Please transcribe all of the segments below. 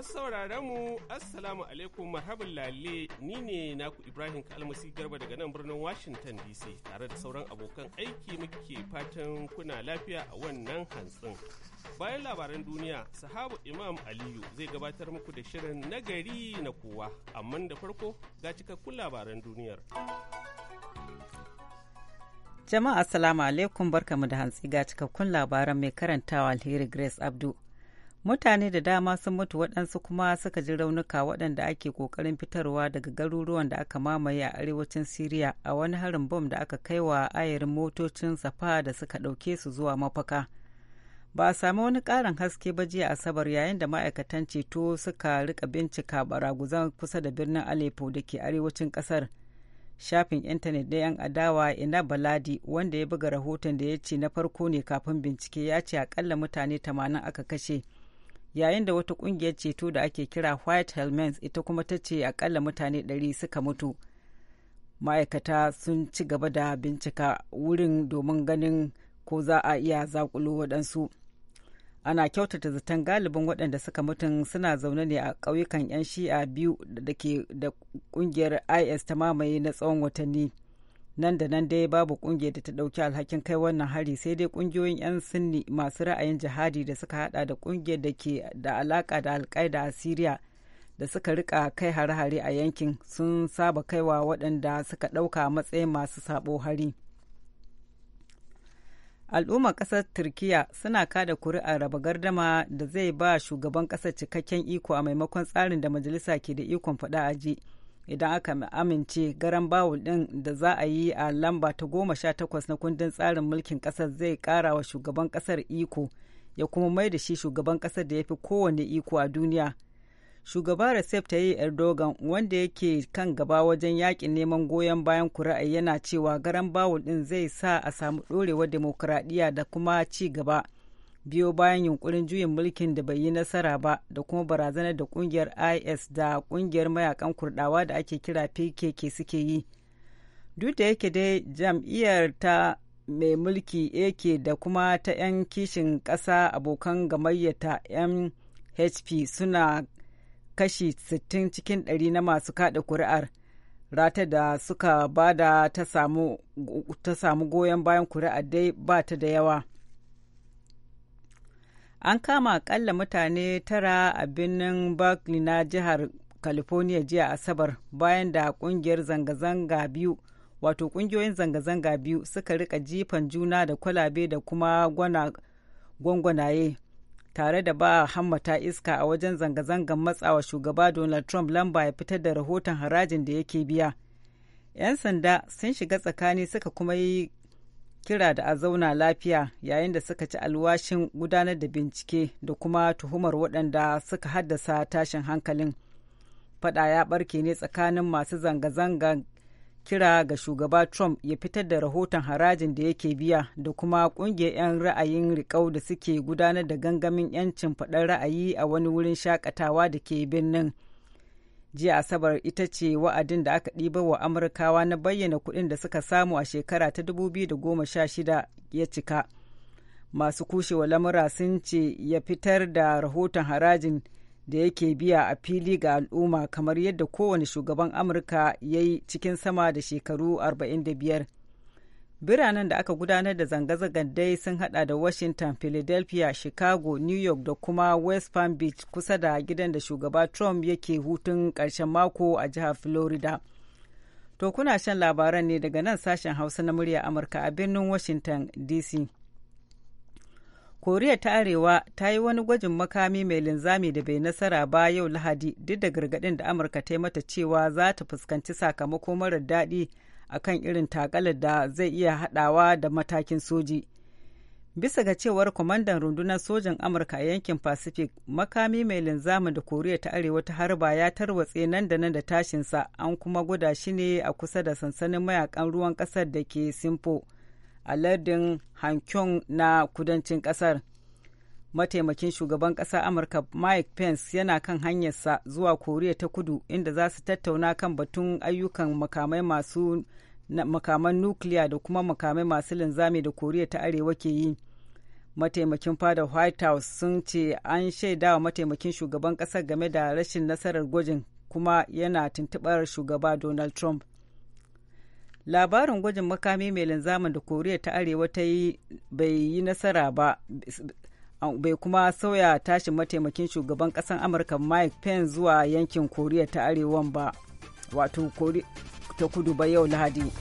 Masu sauraron mu Assalamu alaikum marhaban lalle ni ne naku Ibrahim Kalmasi Garba daga nan birnin Washington DC tare da sauran abokan aiki muke fatan kuna lafiya a wannan hantsin. Bayan labaran duniya, sahabu Imam Aliyu zai gabatar muku da shirin nagari na kowa, amma da farko ga cikakkun labaran duniyar. Jama'a Assalamu alaikum barkamu da hantsi ga cikakkun labaran mai karantawa Alheri Grace Abdu. mutane da dama sun mutu waɗansu kuma suka ji raunuka waɗanda ake ƙoƙarin fitarwa daga garuruwan da aka mamaye a arewacin siriya a wani harin bom da aka kai wa ayarin motocin safa da suka ɗauke su zuwa mafaka ba a sami wani ƙarin haske ba jiya asabar yayin da ma'aikatan ceto suka rika bincika baraguzan kusa da birnin alepo da ke arewacin ƙasar shafin intanet na 'yan adawa ina baladi wanda ya buga rahoton da ya ce na farko ne kafin bincike ya ce akalla mutane 80 aka kashe yayin da wata kungiyar ceto da ake kira white helmets ita kuma ta ce akalla mutane 100 suka mutu ma'aikata sun ci gaba da bincika wurin domin ganin ko za a iya zakulo waɗansu ana kyautata zaton galibin waɗanda suka mutum suna zaune ne a ƙauyukan 'yan shi'a biyu da ke da ƙungiyar is ta mamaye na tsawon watanni nan da nan dai babu kungiyar da ta ɗauki alhakin kai wannan hari sai dai ƙungiyoyin 'yan sinni masu ra'ayin jihadi da suka hada da kungiyar da ke da alaka da alkaida a syria da suka rika kai hare-hare a yankin sun saba kaiwa waɗanda suka ɗauka matsayin masu sabo hari al'ummar ƙasar turkiya suna kada kuri'ar raba gardama da zai ba shugaban ƙasar cikakken iko a maimakon tsarin da majalisa ke da ikon faɗa a ji idan aka amince garan bawul ɗin da za a yi a lamba ta goma sha takwas na kundin tsarin mulkin ƙasar zai kara wa shugaban kasar iko ya kuma mai da shi shugaban ƙasar da ya fi kowane iko a duniya shugaba recep tayyip erdogan wanda yake kan gaba wajen yakin neman goyon bayan kuri'a yana cewa garan bawul ɗin zai sa a samu ɗorewar demokuraɗiyya da kuma ci gaba biyo bayan yunkurin juyin mulkin da bai yi nasara ba da kuma barazanar da kungiyar is da kungiyar mayakan kurdawa da ake kira pkk suke yi duk da yake dai jam'iyyar ta mai mulki ak da kuma ta 'yan kishin ƙasa abokan gamayyata mhp suna kashi 60 cikin 100 na masu kada kuri'ar rata da suka bada ta samu goyon bayan kuri'ar dai ba ta da yawa an kama akalla mutane tara a birnin berkeley na jihar california jiya asabar bayan da kungiyar zanga-zanga biyu wato kungiyoyin zanga-zanga biyu suka rika jifan juna da kwalabe da kuma gwangwanaye tare da ba hammata iska a wajen zanga zangan matsawa shugaba donald trump lamba ya fitar da rahoton harajin da yake biya 'yan sanda sun shiga tsakani suka kuma yi kira da a zauna lafiya yayin da suka ci alwashin gudanar da bincike da kuma tuhumar waɗanda suka haddasa tashin hankalin fada ya barke ne tsakanin masu zanga zanga kira ga shugaba trump ya fitar da rahoton harajin da yake biya da kuma ƙungiyar 'yan ra'ayin riƙau da suke gudanar da gangamin 'yancin faɗar ra'ayi a wani wurin shakatawa da ke birnin. jiya asabar ita ce wa'adin da aka ɗiba wa amurkawa na bayyana kuɗin da suka samu a shekara ta 2016 ya cika masu kushewa lamura sun ce ya fitar da rahoton harajin da yake biya a fili ga al'umma kamar yadda kowane shugaban amurka ya yi cikin sama da shekaru 45 Biranen da aka gudanar da zanga-zangar dai sun hada da Washington, Philadelphia, Chicago, New York da kuma West Palm Beach kusa da gidan da shugaba Trump yake hutun ƙarshen mako a jihar Florida. To kuna shan labaran ne daga nan sashen Hausa na murya Amurka a birnin Washington DC. Koriya ta Arewa ta yi wani gwajin makami mai linzami da bai nasara ba yau Lahadi duk da gargaɗin da Amurka ta yi mata cewa za ta fuskanci sakamako marar daɗi akan irin takalar da zai iya haɗawa da matakin soji. Bisa ga cewar kwamandan rundunar sojan Amurka a yankin Pacific, makami mai linzami da Koriya ta Arewa ta harba ya tarwatse nan da nan da tashinsa an kuma guda shi ne a kusa da sansanin mayakan ruwan kasar da ke simfo a lardin Hankyong na kudancin kasar. mataimakin shugaban ƙasa amurka mike pence yana kan hanyarsa zuwa koriya ta kudu inda za su tattauna kan batun ayyukan makamai masu makaman nukiliya da kuma makamai masu linzami da koriya ta arewa ke yi mataimakin fada white house sun ce an shaida wa mataimakin shugaban ƙasar game da rashin nasarar gwajin kuma yana tuntubar shugaba donald trump labarin gwajin makami mai linzamin da koriya ta arewa ta yi bai yi nasara ba bai kuma sauya tashin mataimakin shugaban kasan amurka mike pence zuwa yankin koriya ta arewan ba wato ta kudu ba yau lahadi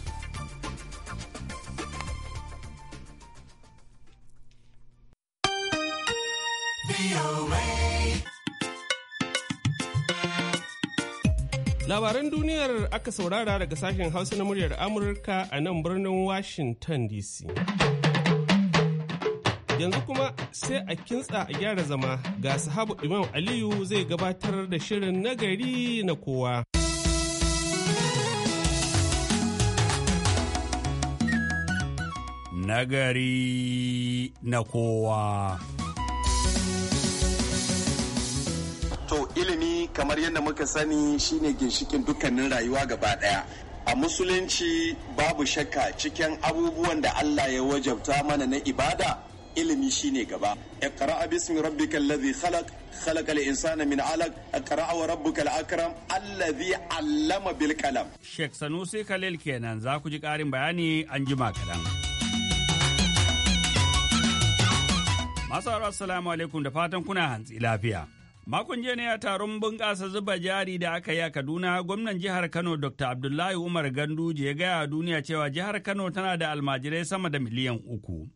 labaran duniyar aka saurara daga sashen hausa na muryar amurka a nan birnin washington dc Yanzu kuma sai a kintsa a gyara zama ga sahabu Imam Aliyu zai gabatar da shirin nagari na kowa. Nagari na kowa. To ilimi kamar yadda muka sani shine ginshikin dukkanin rayuwa gaba daya. a musulunci babu shakka cikin abubuwan da Allah ya wajabta mana na ibada ilimi shine gaba iqra bismi rabbikal ladhi khalaq iqra wa rabbukal akram alladhi 'allama bil الذي علم Sanusi شيخ kenan za ku ji bayani an jima kadan Masu assalamu alaikum da fatan kuna hantsi lafiya. Makon jiya ne a taron bunƙasa zuba jari da aka yi a Kaduna, gwamnan jihar Kano Dr. Abdullahi Umar Ganduje ya gaya duniya cewa jihar Kano tana da almajirai sama da miliyan uku.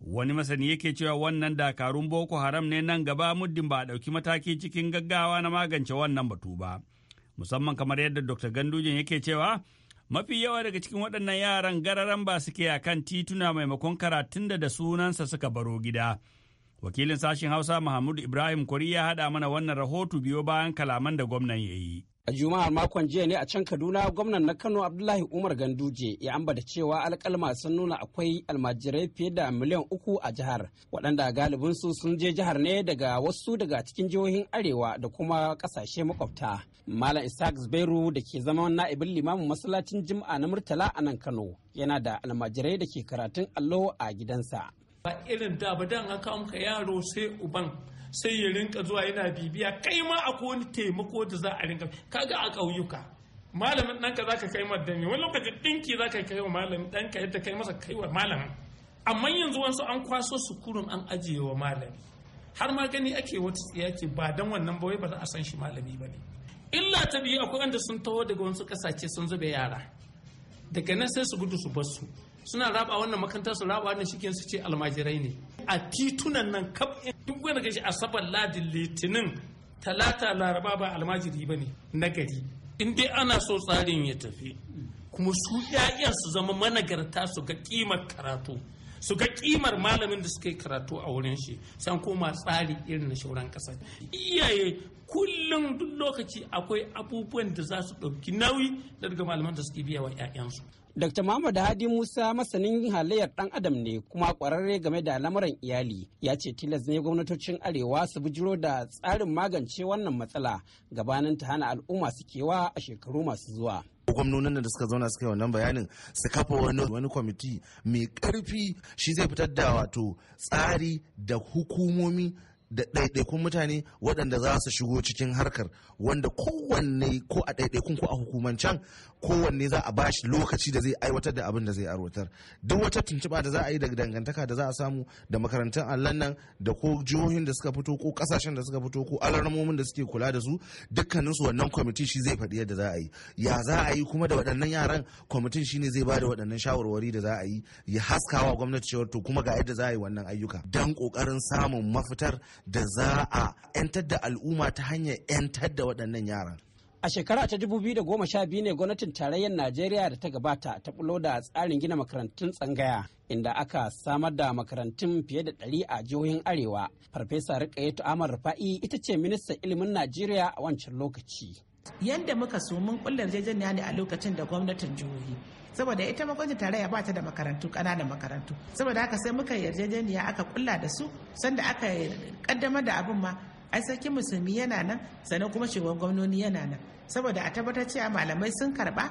Wani masani yake cewa wannan dakarun Boko Haram ne nan gaba muddin ba a ɗauki mataki cikin gaggawa na magance wannan batu ba. Musamman kamar yadda Dr. Gandujin yake cewa mafi yawa daga cikin waɗannan yaran gararan ba suke a kan tituna maimakon karatun da da sunansa suka baro gida. Wakilin sashen Hausa Mahmud Ibrahim Kori ya haɗa mana wannan rahoto biyo bayan kalaman da gwamnan ya yi. a juma'ar makon jiya ne a can kaduna gwamnan na kano abdullahi umar ganduje ya ambata cewa alkalma sun nuna akwai almajirai fiye da miliyan uku a jihar waɗanda galibinsu sun je jihar ne daga wasu daga cikin jihohin arewa da kuma ƙasashe makwabta malam isaac zubairu da ke zama na'ibin limamin masallacin jima'a na murtala a nan kano yana da almajirai da ke karatun allo a gidansa ba irin da ba dan haka yaro sai uban sai ya rinka zuwa yana bibiya kai ma akwai wani taimako da za a rinka kaga a ƙauyuka malamin ɗanka za ka kai ma wani lokacin ɗinki za ka kai wa malamin ɗanka yadda kai masa kai wa malamin amma yanzu wasu an kwaso su kurun an ajiye wa malami har ma gani ake wata tsiya ce ba dan wannan ba wai ba za a san shi malami ba ne illa ta biyu akwai wanda sun taho daga wasu ƙasashe sun zube yara daga nan sai su gudu su bar su suna raba wannan makantar su raba wannan shikin su ce almajirai ne a titunan nan kaf duk wanda gashi asabar ladin litinin talata laraba ba almajiri ba ne na gari in dai ana so tsarin ya tafi kuma su ƴaƴan su zama managarta su ga kimar karatu su ga kimar malamin da suka yi karatu a wurin shi san koma tsari irin na shauran kasa iyaye kullum duk lokaci akwai abubuwan da za su ɗauki nauyi daga malaman da suke biya wa 'ya'yansu Dr. Muhammad Hadi Musa masanin halayyar ɗan adam ne kuma kwararre game da lamuran iyali ya ce tilas ne gwamnatocin arewa su bujiro da tsarin magance wannan matsala gabanin ta hana al'umma su kewa a shekaru masu zuwa. gwamnonin da suka zauna suka yi wannan bayanin su kafa wani kwamiti mai karfi shi zai fitar da wato tsari da hukumomi da ɗaiɗaikun mutane waɗanda za su shigo cikin harkar wanda kowanne ko a ɗaiɗaikun ko a hukumancen kowanne za a bashi lokaci da zai aiwatar da abin da zai aiwatar duk wata tuntuɓa da za a yi da dangantaka da za a samu da makarantun allon nan da ko jihohin da suka fito ko ƙasashen da suka fito ko alarmomin da suke kula da su dukkaninsu wannan kwamiti shi zai faɗi yadda za a yi ya za a yi kuma da waɗannan yaran kwamitin shi ne zai ba da waɗannan shawarwari da za a yi ya haskawa gwamnati cewar to kuma ga yadda za a yi wannan ayyuka don ƙoƙarin samun mafitar da za a 'yantar da al'umma ta hanyar 'yantar da waɗannan yaran. A shekara ta 2012 ne gwamnatin tarayyar Najeriya da ta gabata ta bulo da tsarin gina makarantun tsangaya inda aka samar da makarantun fiye da ɗari a jihohin Arewa. Farfesa Rikayetu Amar Rufa'i ita ce ministan ilimin Najeriya a wancan lokaci. Yanda muka so mun kullar jejeniya ne a lokacin da gwamnatin jihohi. saboda ita makwabcin tarayya ba ta da makarantu kananan makarantu saboda haka sai muka yarjejeniya aka kulla da su sanda aka kaddamar da abin ma ai sarkin musulmi yana nan sannan kuma shugaban gwamnoni yana nan saboda a tabbatar cewa malamai sun karba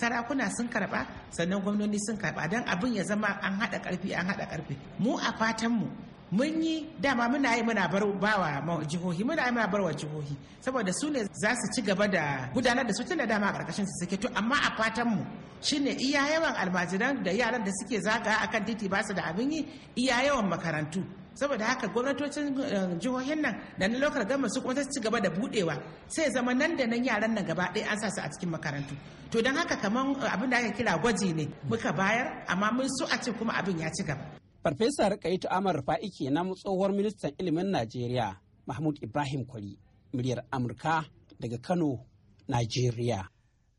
sarakuna sun karba sannan gwamnoni sun karba don abin ya zama an haɗa karfi an haɗa karfi mu a fatan mu mun yi dama muna yi muna bar bawa jihohi muna yi muna barwa jihohi saboda su ne za su ci gaba da gudanar da su tun da dama a karkashin su suke to amma a fatan mu shine iya yawan almajiran da yaran da suke zaga akan titi ba su da abin yi iya yawan makarantu saboda haka gwamnatocin eh, jihohin nan da na lokar gama su kuma ci gaba da budewa sai zama nan da nan yaran nan gaba ɗaya an sa su a cikin makarantu to don haka kamar eh, abin da aka kira gwaji ne muka bayar amma mun so a ce kuma abin ya ci gaba Farfesa kaitu Amar Rufa'i na tsohuwar ministan ilimin Najeriya Mahmud Ibrahim Kwari muryar Amurka daga Kano, Najeriya.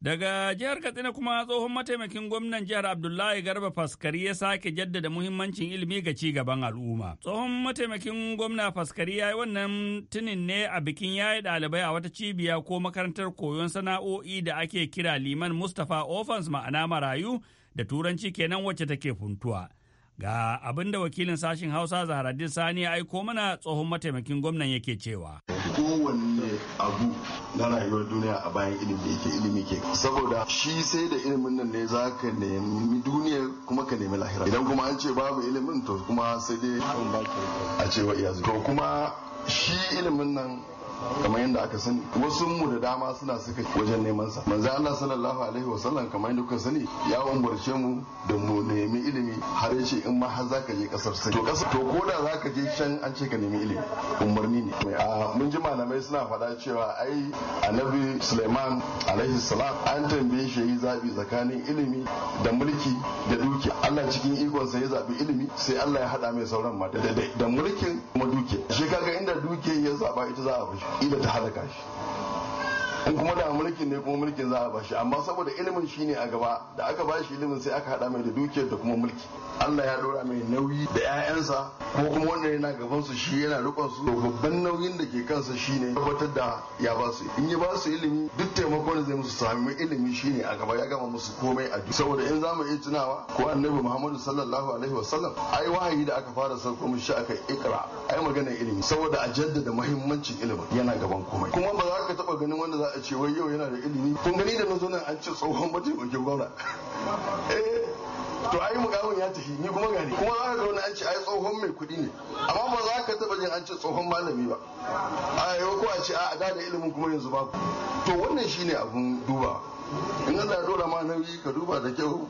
Daga jihar Katsina kuma tsohon mataimakin gwamnan jihar Abdullahi Garba Faskari ya sake jaddada muhimmancin ilimi ga ci gaban al'umma. Tsohon mataimakin gwamna Faskari ya yi wannan tunin ne a bikin yayi ɗalibai a wata cibiya ko makarantar koyon sana'o'i da ake kira Liman Mustapha Offens ma'ana marayu da turanci kenan wacce take funtuwa. Ga abin da wakilin sashen Hausa Zaharaddin Sani ya aiko mana tsohon mataimakin gwamnan yake cewa. Kowanne abu na rayuwar duniya a bayan ilimi yake ilimi ke saboda shi sai da ilimin nan ne za ka nemi duniya kuma ka nemi lahira idan kuma an ce babu ilimin to kuma sai dai a cewa iyazu to kuma shi ilimin nan kamar yadda aka sani wasu mu da dama suna suka wajen neman sa manzo Allah sallallahu alaihi wasallam kamar yadda kuka sani ya umurce mu da mu nemi ilimi har ya ce in ma har zaka je kasar sai to kasar to koda da zaka je can an ce ka nemi ilimi umarni ne ah, mun ji malamai suna faɗa cewa ai annabi Sulaiman alaihi salam an tambaye shi yi zabi tsakanin ilimi da mulki da duki Allah cikin ikonsa ya zabi ilimi sai Allah ya hada mai sauran mata da mulkin kuma duki shi kaga inda duki ya zaba ita za a fushi إذا تحركاش in kuma da mulkin ne kuma mulkin za a bashi amma saboda ilimin shine a gaba da aka bashi ilimin sai aka hada mai da dukiyar da kuma mulki Allah ya dora mai nauyi da ƴaƴansa ko kuma wanda yana gaban su shi yana rikon su babban nauyin da ke kansa shine tabbatar da ya ba su in ya ba su ilimi duk taimakon da zai musu sami ilimi shine a gaba ya gama musu komai a duk saboda in zamu iya tunawa ko annabi Muhammadu sallallahu alaihi wasallam ai wahayi da aka fara sauko shi aka ikra ai magana ilimi saboda a jaddada muhimmancin ilimi yana gaban komai kuma ba za ka taba ganin wanda za a ce wai yau yana da ilimi kun gani da na zo nan an ce tsohon mataimakin gwamna eh to ai mukamin ya tafi ni kuma gani kuma aka wani an ce ai tsohon mai kuɗi ne amma ba za ka taba jin an ce tsohon malami ba a yau ko a ce a da da ilimin kuma yanzu ba to wannan shine abun duba in ma nauyi ka duba da kyau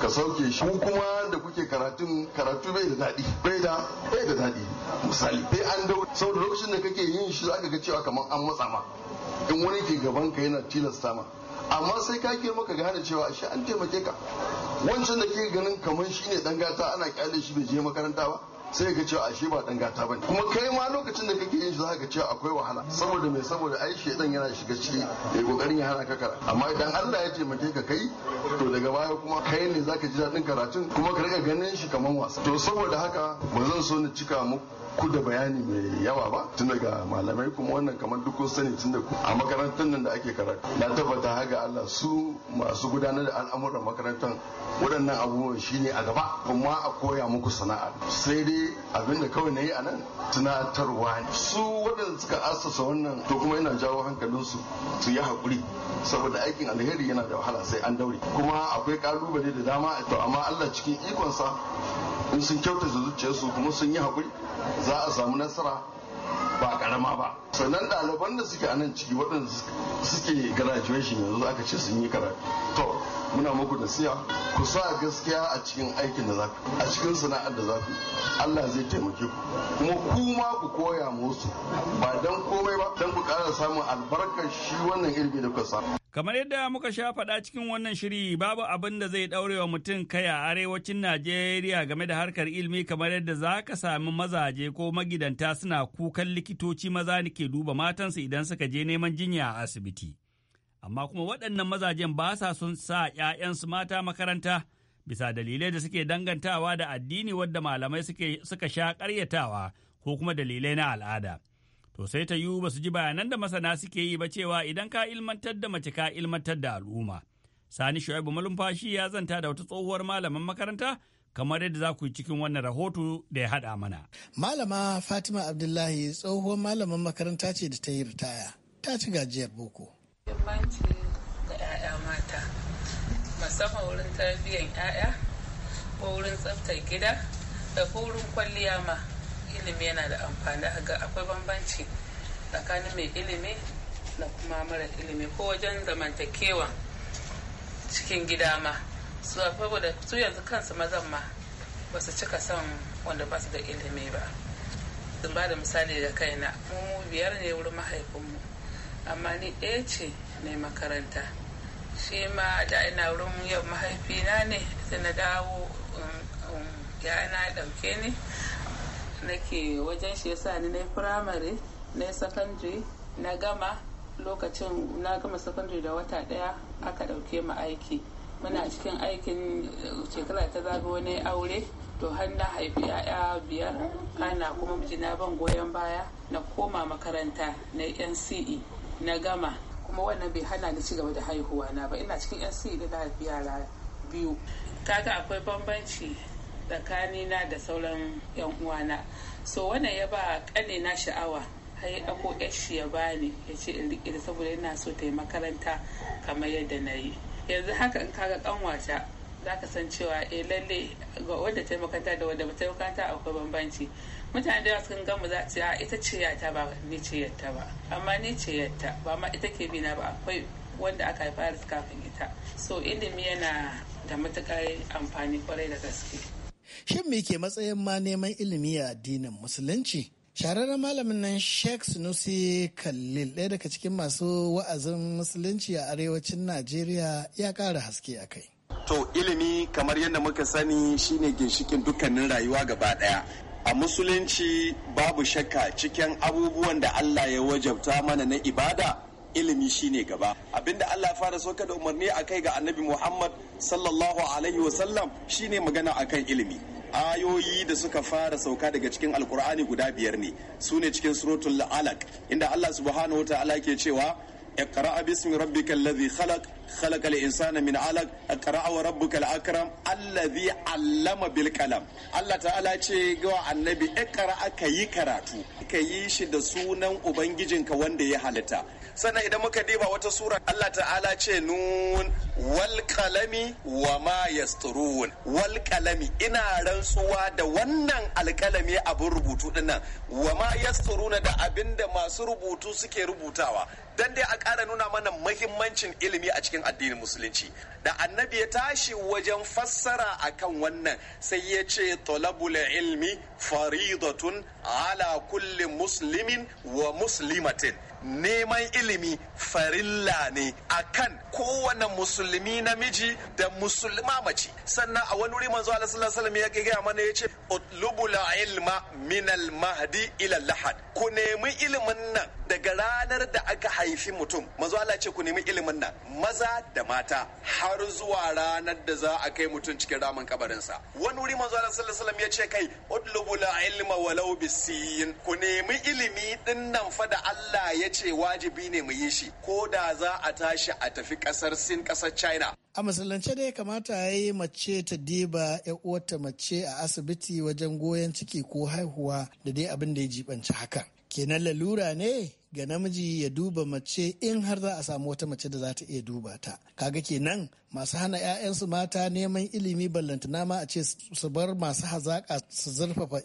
ka sauke shi mu kuma da kuke karatun karatu bai da daɗi bai da bai da daɗi misali bai an dau da lokacin da kake yin shi zaka ga cewa kamar an matsa ma in wani ke gaban ka yana tilasta ma amma sai ka ke ka gane cewa shi an taimake ka wancan da ke ganin kamar shine dan gata ana kyale shi bai je makaranta ba sai ga cewa ashe ba dan gata bane kuma kai ma lokacin da kake yin shi zaka cewa akwai wahala saboda me saboda ai shedan yana shiga ciki yayi kokarin ya hana ka kara amma idan Allah ya taimake ka kai to daga baya kuma kai ne zaka ji dadin karatun kuma ka riga ganin shi kaman wasa to saboda haka ba zan so ni cika muku ku da bayani mai yawa ba tun daga malamai kuma wannan kamar duk kun sani tun da a makarantar nan da ake karatu na tabbata haka Allah su masu gudanar da al'amuran makarantar waɗannan abubuwan shine a gaba kuma a koya muku sana'a sai dai abin da kawai na yi a tunatarwa ne su waɗanda suka asasa wannan to kuma yana jawo hankalinsu su yi hakuri. saboda aikin alheri yana da wahala sai an daure kuma akwai ƙalubale da dama to amma Allah cikin ikonsa in sun kyautata zuciyarsu kuma sun yi haƙuri za a samu nasara ba ƙarama ba sannan ɗaliban da suke a nan ciki waɗanda suke graduation yanzu aka ce sun yi karatu to muna muku da siya ku sa gaskiya a cikin aikin da zaku a cikin sana'ar da zaku Allah zai taimake ku kuma ku ma ku koya musu ba dan komai ba dan ku ƙara samun albarkar shi wannan ilimi da kuka samu Kamar yadda muka sha faɗa cikin wannan shiri babu abin da zai ɗaure wa mutum kai a arewacin Najeriya game da harkar ilimi kamar yadda za ka sami mazaje ko magidanta suna kukan likitoci maza ne ke duba matansu idan suka je neman jinya a asibiti. Amma kuma waɗannan mazajen ba sa sun sa ‘ya'yansu mata makaranta bisa dalilai da suke dangantawa da addini wadda malamai suka sha ƙaryatawa ko kuma dalilai na al'ada. to sai ta yiwu ba su ji bayanan da masana suke yi ba cewa idan ka ilmantar da mace ka ilmantar da al'umma. Sani Shu'aibu malumfashi ya zanta da wata tsohuwar malaman makaranta kamar yadda za ku yi cikin wannan rahoto da ya haɗa mana. Malama Fatima Abdullahi tsohuwar malaman makaranta ce da ta yi ritaya ta ci gajiyar boko. Yammanci ga 'ya'ya mata musamman wurin tarbiyyar 'ya'ya ko wurin tsaftar gida da ko wurin kwalliya ma. ilimi yana da amfani ga akwai bambanci tsakanin mai ilimi da kuma mara ilimi ko wajen zamantakewa cikin gida ma su da su yanzu kansu mazan ma ba su cika son wanda ba su da ilimi ba zan ba da misali da kaina mu biyar ne wurin mahaifinmu amma ni ɗaya ce ne makaranta shi ma da ina wurin yau mahaifina ne sai na dawo um, um, yana ɗauke ni nake wajen shi yasa ni na firamare na secondary na gama lokacin na gama secondary da wata daya aka dauke mu aiki muna cikin aikin eh, shekara ta zaga wani aure to har na haifi 'ya'ya biyar kana kuma mijina ban goyon baya na koma makaranta na nce na gama kuma wannan bai hana ni cigaba da haihuwa na ba ina cikin nce da na yara biyu kaga akwai bambanci tsakanina da sauran 'yan uwana so wannan ya ba na sha'awa har ya dako shi ya bani ya ce in riƙe da saboda yana so ta yi makaranta kamar yadda na yi yanzu haka in kaga ƙanwata za ka san cewa eh lalle ga wadda ta yi makaranta da wadda ba ta yi makaranta akwai bambanci mutane da sun gamu za su a ita ce yata ba ni ce yatta ba amma ni ce yatta ba ma ita ke bina ba akwai wanda aka haifa kafin ita so ilimi yana da matukar amfani kwarai da gaske Shin me ke matsayin ma neman ilimi a addinin Musulunci? Shararren malamin nan Sheikh Sunusi Khalil ɗaya daga cikin masu wa'azin Musulunci a arewacin Najeriya ya ƙara haske a kai. To ilimi kamar yadda muka sani shine ginshikin dukkanin rayuwa gaba ɗaya. a musulunci babu shakka cikin abubuwan da Allah ya wajabta mana na ibada ilimi shine gaba abinda Allah ya fara soka da umarni a kai ga annabi Muhammad sallallahu alaihi wasallam shine magana akan ilimi ayoyi da suka fara sauka daga cikin alkur'ani guda biyar ne su ne cikin suratul alaq inda Allah subhanahu wataala ke cewa iqra bismi rabbikal ladhi khalaq khalaqal insana min alaq aqra wa rabbukal akram allazi allama bil qalam Allah ta'ala ce ga annabi ikra aka yi karatu ka yi shi da sunan ubangijinka wanda ya halitta sannan idan muka diba wata sura Allah ta'ala ce nun wal qalami wa ma yasturun wal ina rantsuwa da wannan alkalami abin rubutu dinnan wa ma yasturuna da abinda masu rubutu suke rubutawa dan dai a ƙara nuna mana muhimmancin ilimi a cikin cikin addinin musulunci da annabi ya tashi wajen fassara akan wannan sai ya ce talabul ilmi faridatun ala kulli muslimin wa muslimatin neman ilimi farilla ne akan kowane musulmi namiji da musulma mace sannan a wani wuri manzo Allah sallallahu alaihi wasallam ya gaya mana yace utlubul ilma min al mahdi ila lahad ku nemi ilimin nan daga ranar da aka haifi mutum manzo Allah ce ku nemi ilimin nan maza da mata har zuwa ranar da za a kai mutum cikin ramin kabarinsa wani wuri manzo Allah sallallahu alaihi wasallam ya ce kai utlubul ilma walau bisin ku nemi ilimi din nan fa da Allah ya ya ce wajibi ne mu yi shi ko da za a tashi a tafi kasar sin kasar china a masallance dai kamata ya yi mace ta diba uwarta mace a asibiti wajen goyon ciki ko haihuwa da dai abin da ya jibanci haka kenan lalura ne ga namiji ya duba mace in har za a samu wata mace da za ta iya duba ta kaga kenan masu hana 'ya'yansu mata neman ilimi ballantana ma a ce su bar masu hazaƙa su zurfafa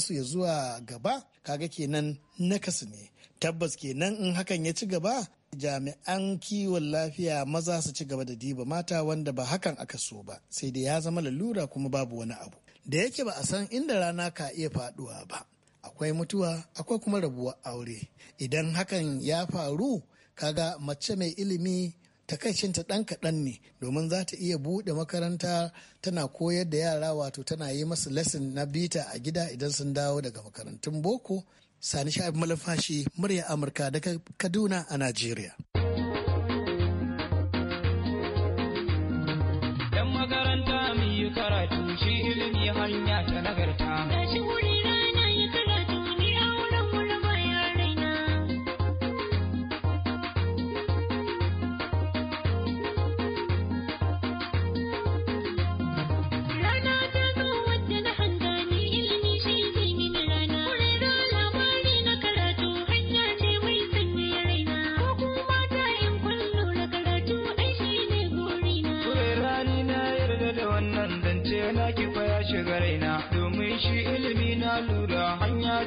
su ya zuwa gaba kaga kenan nakasu ne tabbas kenan in hakan ya ci gaba jami'an kiwon lafiya maza su ci gaba da diba mata wanda ba hakan aka so ba sai dai ya zama lalura kuma babu wani abu da yake ba a san inda rana ka iya faduwa ba akwai mutuwa akwai kuma rabuwar aure idan hakan ya faru kaga mace mai ilimi takaicinta ɗan kaɗan ne domin za ta iya buɗe makaranta tana koyar da yara wato tana yi masu lesson na bita a gida idan sun dawo daga makarantun boko sani sha'ib malafashi murya amurka daga kaduna a najeriya karatu shi ilimi hanya ta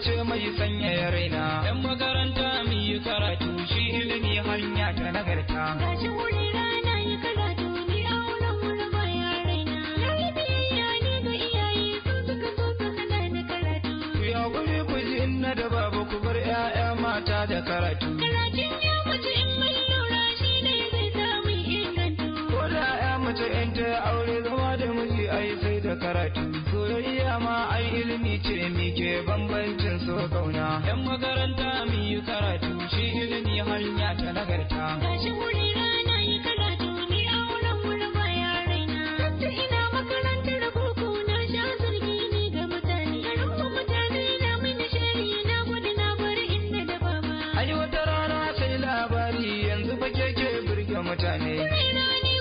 ce mai ya raina 'yan makaranta muyi yi karatu shi ilimi hanya ta nagarta. Gashi wuri rana yi karatu ni a wurin gurba yarai na. ina makarantar boko na sha zargi ni ga mutane. Garin mu mutane na mini shari na gudu na bari inda da baba. Ayi wata rana sai labari yanzu fa keke burge mutane. Kurina ne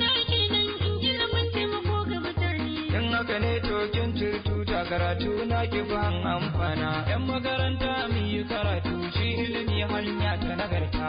na kenan in mun taimako ga mutane. In haka ne to ta karatu na kifan amfana yan makaranta mu yi karatu shi ilimi hanya ta nagarta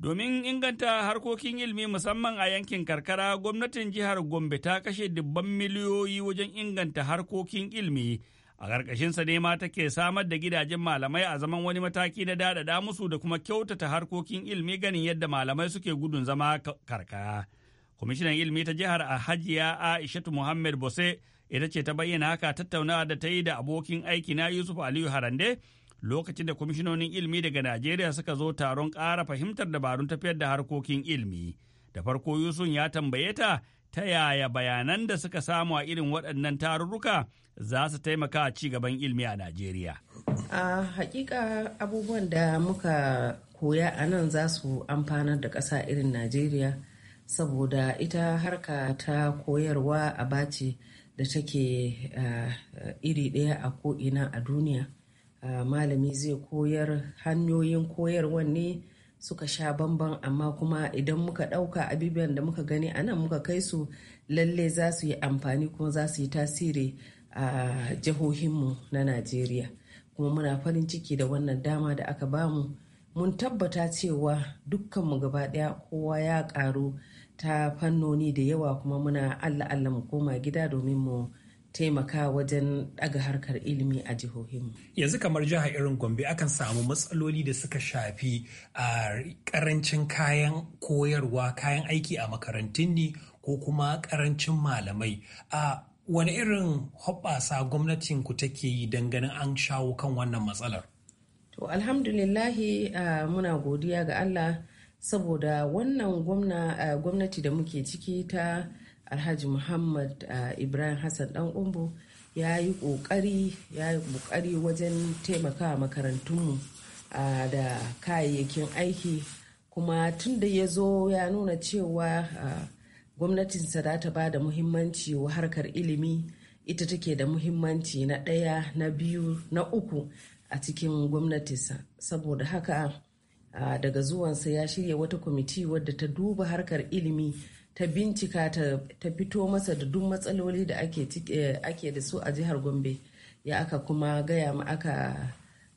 Domin inganta harkokin ilmi, musamman a yankin karkara, gwamnatin jihar Gombe ta kashe dubban miliyoyi wajen inganta harkokin ilmi, A ƙarƙashinsa ne ma take samar da gidajen malamai a zaman wani mataki na daɗaɗa musu da kuma kyautata harkokin ilimi ganin yadda malamai suke gudun zama karkara. Kwamishinan ilmi ta jihar a Hajiya Aishatu Muhammad Bose ita ce ta bayyana haka tattaunawa da ta yi da abokin aiki na Yusuf Aliyu Harande lokacin da kwamishinonin ilmi daga Najeriya suka zo taron ƙara fahimtar dabarun tafiyar da harkokin ilmi Da farko Yusuf ya tambaye ta ta yaya bayanan da suka samu a irin waɗannan tarurruka za su taimaka a gaban ilmi a Najeriya. A hakika abubuwan da muka koya a nan za su amfanar da ƙasa irin Najeriya saboda ita harka ta koyarwa a baci da take eh, iri ɗaya a ko'ina a duniya. malami zai koyar hanyoyin koyar ne suka sha bamban amma kuma idan muka ɗauka abubuwan da muka gani a nan muka kai su lalle za su yi amfani kuma za su yi tasiri a jihohinmu na najeriya kuma muna farin ciki da wannan dama da aka bamu mun tabbata cewa dukkanmu gaba ɗaya kowa ya ƙaru ta fannoni da yawa kuma muna allah allah mu koma gida domin mu taimaka wajen daga harkar ilimi a jihohin. Yanzu kamar jihar irin Gombe akan samu matsaloli da suka shafi a karancin kayan koyarwa kayan aiki a makarantun ne ko kuma ƙarancin malamai. A wani irin hoɓasa gwamnatin ku take yi dangane an shawo kan wannan matsalar? To alhamdulillahi muna godiya ga Allah saboda wannan gwamnati da muke ciki ta. alhaji muhammad uh, ibrahim hassan dan umbo ya yi kokari ya yi kokari wajen taimakawa makarantunmu uh, eh, da kayayyakin aiki kuma tun da ya zo ya nuna cewa uh, gwamnatinsa za ta ba da muhimmanci wa harkar ilimi ita take da muhimmanci na ɗaya na biyu na uku a cikin gwamnatinsa saboda haka daga zuwansa ya shirya wata kwamiti wadda ta duba harkar ilimi ta bincika ta fito masa da duk matsaloli da ake da su a jihar gombe ya aka kuma gaya ma aka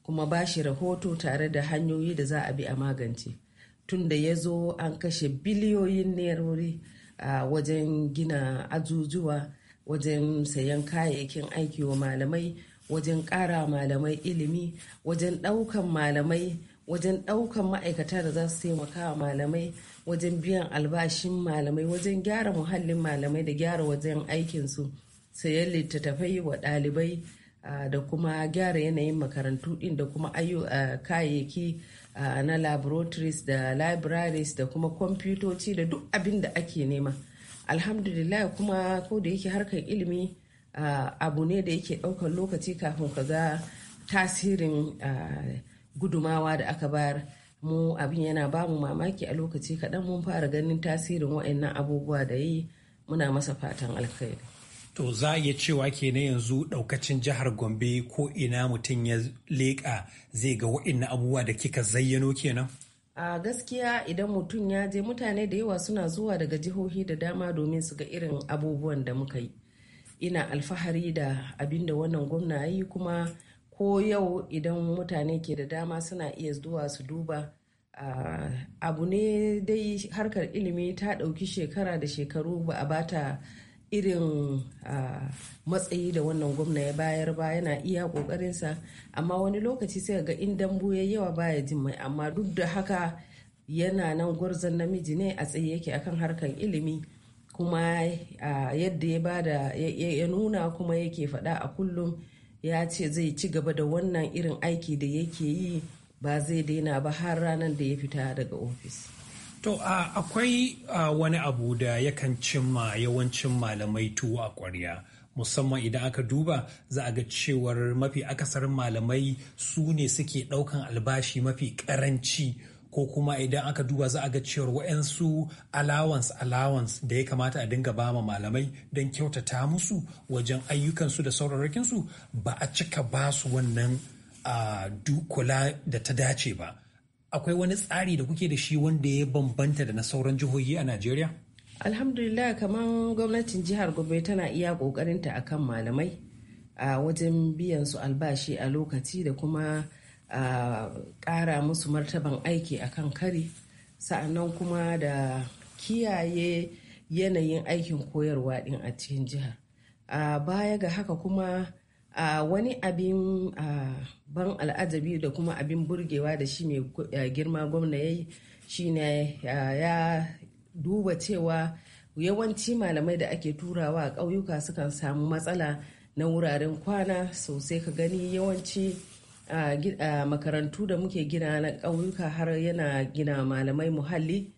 kuma ba shi rahoto tare da hanyoyi da za a bi a magance tun da ya zo an kashe biliyoyin nerori a wajen gina ajujuwa wajen sayan kayayyakin aiki wa malamai wajen ƙara malamai ilimi wajen ɗaukan malamai wajen ɗaukan ma'aikata da za su taimaka wa malamai wajen biyan albashin malamai wajen gyara muhallin malamai da gyara wajen aikinsu sayan littattafai wa ɗalibai da kuma gyara yanayin makarantu ɗin da kuma kayayyaki na laboratories da libraries da kuma kwamfutoci da duk abin da ake nema alhamdulillah kuma ko da yake harkar ilimi abu ne da yake ɗaukar lokaci kafin ka ga tasirin gudumawa da aka bayar mu abin yana ba mu mamaki a lokaci kaɗan mun fara ganin tasirin waɗannan abubuwa da yi muna masa fatan alkhairi. To za a iya cewa kenan yanzu ɗaukacin jihar Gombe ko ina mutum ya leƙa zai ga waɗannan abubuwa da kika zayyano kenan? A gaskiya idan mutum ya je mutane da yawa suna zuwa daga jihohi da dama domin su ga irin abubuwan da muka yi. Ina alfahari da abin da wannan gwamna yi kuma ko yau idan mutane ke da dama suna iya zuwa su duba uh, abu ne dai harkar ilimi ta ɗauki shekara da shekaru ba a bata irin uh, matsayi da wannan gwamna ya bayar ba yana iya ƙoƙarinsa amma wani lokaci sai ga in dambu ya yawa baya jin mai amma duk da haka yana nan gwarzon namiji ne a tsaye yake akan harkar ilimi kuma uh, yadda ya nuna kuma yake faɗa a kullum ya ce zai ci gaba da wannan irin aiki da yake yi ba zai daina ba har ranar da ya fita daga ofis. To akwai wani abu da yakan cimma yawancin malamai tuwo a ƙwarya. musamman idan aka duba za a ga cewar mafi akasarin malamai su ne suke ɗaukan albashi mafi ƙaranci ko kuma idan aka duba za a ga cewar wa'yansu allowance allowance da ya kamata a dinga ba ma malamai don kyautata musu wajen ayyukansu da sauraronkinsu ba a cika ba su wannan kula da ta dace ba akwai wani tsari da kuke da shi wanda ya bambanta da na sauran jihohi a najeriya alhamdulillah kamar gwamnatin jihar gobe tana iya kokarinta akan malamai a wajen biyan su albashi a lokaci da kuma a ƙara musu martaban aiki a kan kari sa'annan kuma da kiyaye yanayin aikin koyarwa ɗin a cikin jiha. a baya ga haka kuma a wani abin ban al'ajabi da kuma abin burgewa da shi mai girma gwamna ya yi shine ya duba cewa yawanci malamai da ake turawa a ƙauyuka sukan samu matsala na wuraren kwana sosai ka gani yawanci a makarantu da muke gina na ƙauyuka har yana gina malamai muhalli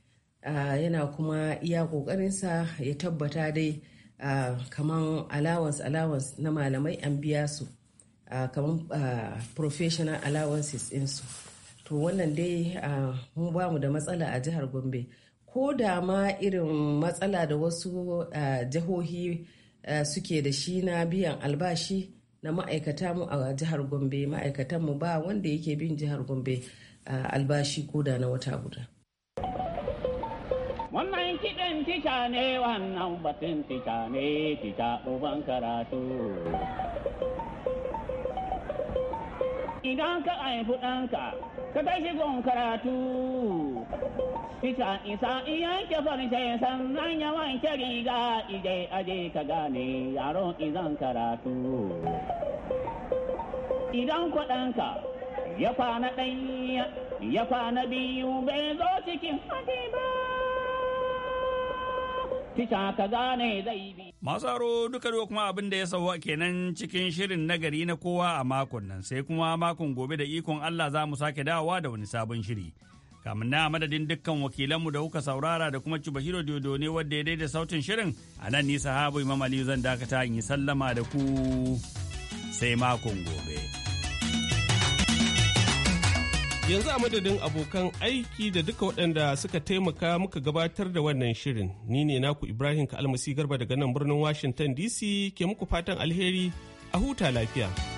yana kuma iya ƙoƙarinsa ya tabbata dai kaman allowance allowance na malamai an biya su kaman professional allowances ɗinsu to wannan dai mu ba mu da matsala a jihar gombe ko da ma irin matsala da wasu jihohi suke da shi na biyan albashi na ma'aikata mu a jihar gombe ma'aikatan mu ba wanda yake bin jihar gombe a albashi koda na wata guda wannan kiɗan tica ne wannan batun tica ne tica ɗuban karatu idan ka haifi ɗanka ka tashi gon karatu Isa isa iya ke farce sannan ya wanke riga ije aje ka gane yaro izan karatu. Idan kuɗanka ya kwana ɗaya ya kwana biyu bai zo cikin haɗe ba. ka gane zai bi. Masu aro duka duka kuma abin da ya sauwa kenan cikin shirin nagari na kowa a makon nan sai kuma makon gobe da ikon Allah za mu sake dawowa da wani sabon shiri. kamun na madadin dukkan wakilanmu da kuka saurara da kuma Cibahiro Dodo ne wadda ya daida sautin shirin a nan ni habu Imam Ali zan dakata in yi sallama da ku sai makon gobe. Yanzu a madadin abokan aiki da duka waɗanda suka taimaka muka gabatar da wannan shirin, ni ne naku Ibrahim ka'almasi Garba daga nan birnin Washington DC ke muku fatan alheri a huta lafiya.